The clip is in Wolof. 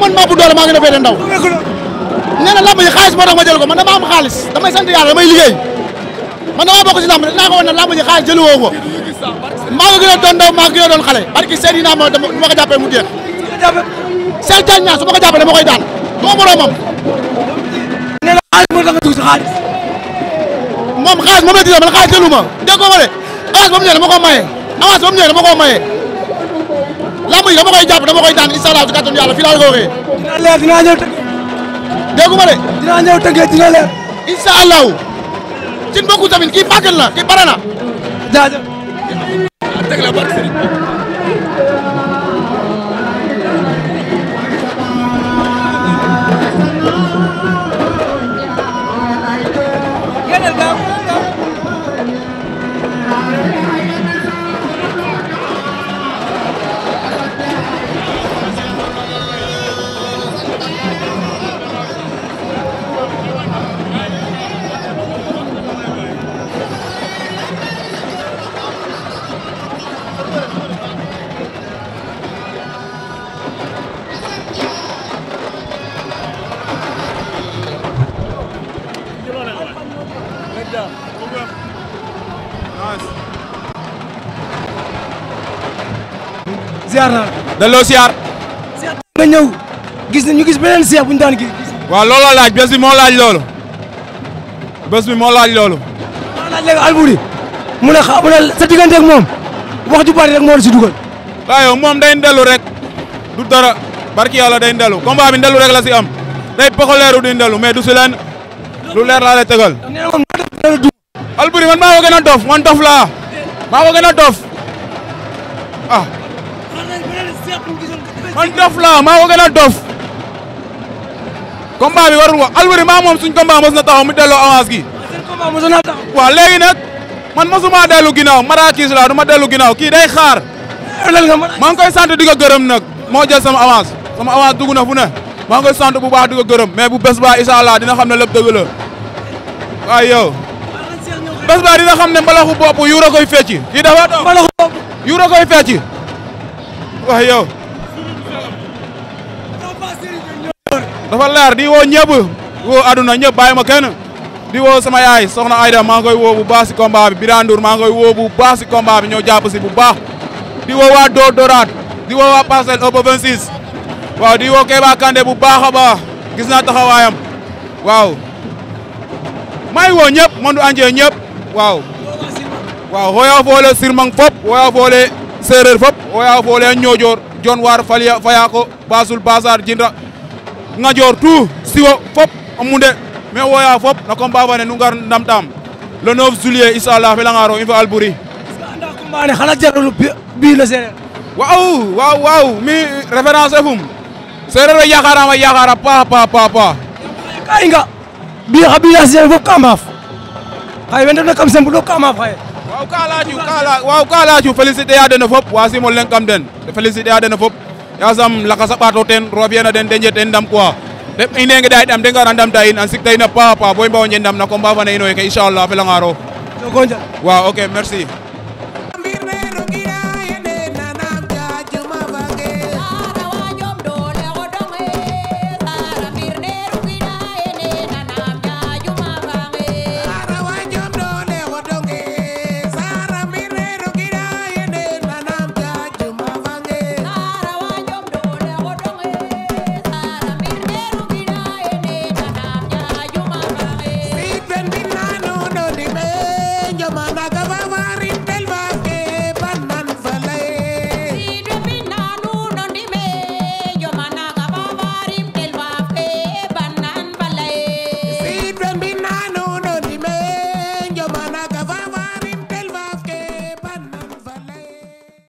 man maa bu doole maa ngi ne ndaw nee na lamb ji xaalis moo tax ma jël ko man dama am xaalis damay sant yàlla damay liggéey man dama bokk ci lamb dinaa ko wan ne lamb ji xaalis jëli woo maa ngi a doon ndaw maa ngi a doon xale barki seen yi ma dama ko mu jeex seel taan ñaa su ma ko jàppee dama koy daan doo moroomam nee na xaalis moo tax nga dugg man xaalis jëlu ma dégg ko ma de avance ba mu ñëwee dama koo maye avance ba mu ñëwee lamb yi dama koy jàpp dama koy daan incha allah ci kàttanu yàlla fii laa la ko waxee. dina leer dinaa ñëw tënkee. déggu ma de. dinaa ñëw tënkee dina leer. incha kii màggal la kii bare na. jaajëf. teg la ziar naa la. delloo gis nañ ñu gis beneen seex bu ñu daan waa waaw looloo laaj bés bi moo laaj loolu. bés bi moo laaj loolu. moo laaj léegi Alboury mu ne mu ne sa diggante ak moom wax ju bari rek moo la si dugal. waaw yow moom day ndelu rek du dara barki yàlla day ndelu combat bi ndelu rek la si am day poxoleeru di ndelu mais du si leen leer laa lay tegal. Alboury man maa ko gën a dof man dof laa maa ko gën a dof ah. man dof la maa ko gën a dof. combat bi warul wax Alboury maa moom suñ combat mos na taxaw mu delloo avance gi. waaw léegi nag man mosuma dellu ginnaaw Marrakech la du ma dellu ginaaw kii day xaar. maa ngi koy sant di ko gërëm nag moo jël sama avance sama avance dugg na fu ne maa ngi koy sant bu baax di ko gërëm mais bu bés ba incha dina xam ne lépp dëgg la waaye yow. bés dina xam ne mbalaxu bopp yuura koy fecci kii dafa doon yuura koy fecci. wax yow. dafa leer di woo ñëpp woo aduna ñëpp bàyyi ma kenn di woo sama yaay soxna Aida maa ngi koy woo bu baax si combat bi maa ngi koy woo bu baax si ñoo jàpp si bu baax di woo waa Dóor Dóoraat di woo waa Parcelles Opo waaw di woo Keba Kande bu baax a baax gis naa taxawaayam waaw may woo ñëpp man du àndee waaw waaw xooyaa foole sirmang fop xooyaa foole seereer fop oya fole a ñoƴoor jon waar faya ko basul basar jinra ngajoor tout siwo fop a munde me woya fop no combat fane nu ngar ndamtam le 9 juillet inchallah felangaro in fa albouri combat ne xana jarul bi seereer waaw waaw waaw mi référence e fum seereer o yakarama yakara paax paax paax paax ka i nga bi fop ka maaf waaw ka laaju ka la waaw ka fop wasimol leŋ kam den félicité ya den fop yasam lakas a ɓaato ten roog fi'an a den de njeg de i neengeɗa yit am de ngara ndamta in an sikta in a paax a paax bo i mbaw o njeg ndam na combat fane inoyo ke inchaalah a